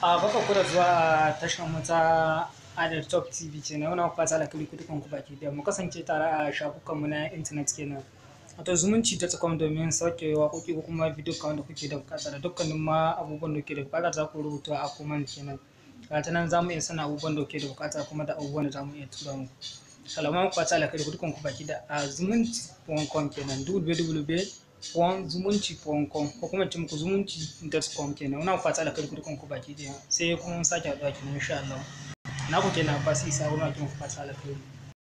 a baka kuda zuwa a tashan mu ta adar top tv ce na wani kwata alakali kudukan ku baki da mu kasance tare a shafukanmu na intanet kenan wato zumunci ta tsakwam domin sauke waƙoƙi ko kuma bidiyo kawai da kuke da bukata da dukkanin ma abubuwan da ke da bukata za ku rubuta a kuman kenan ta nan za mu iya sana abubuwan da ke da bukata kuma da abubuwan da za mu iya tura mu salaman kwata alakali kudukan ku baki da a zumunci.com kenan www puan zumunci puan ko kuma ce muku zumunci dot com kenan wannan kwatsa da kai kudin ku baki daya sai kuma sake haɗuwa kenan insha Allah na ku kenan ba sabon wakin ku kwatsa da kai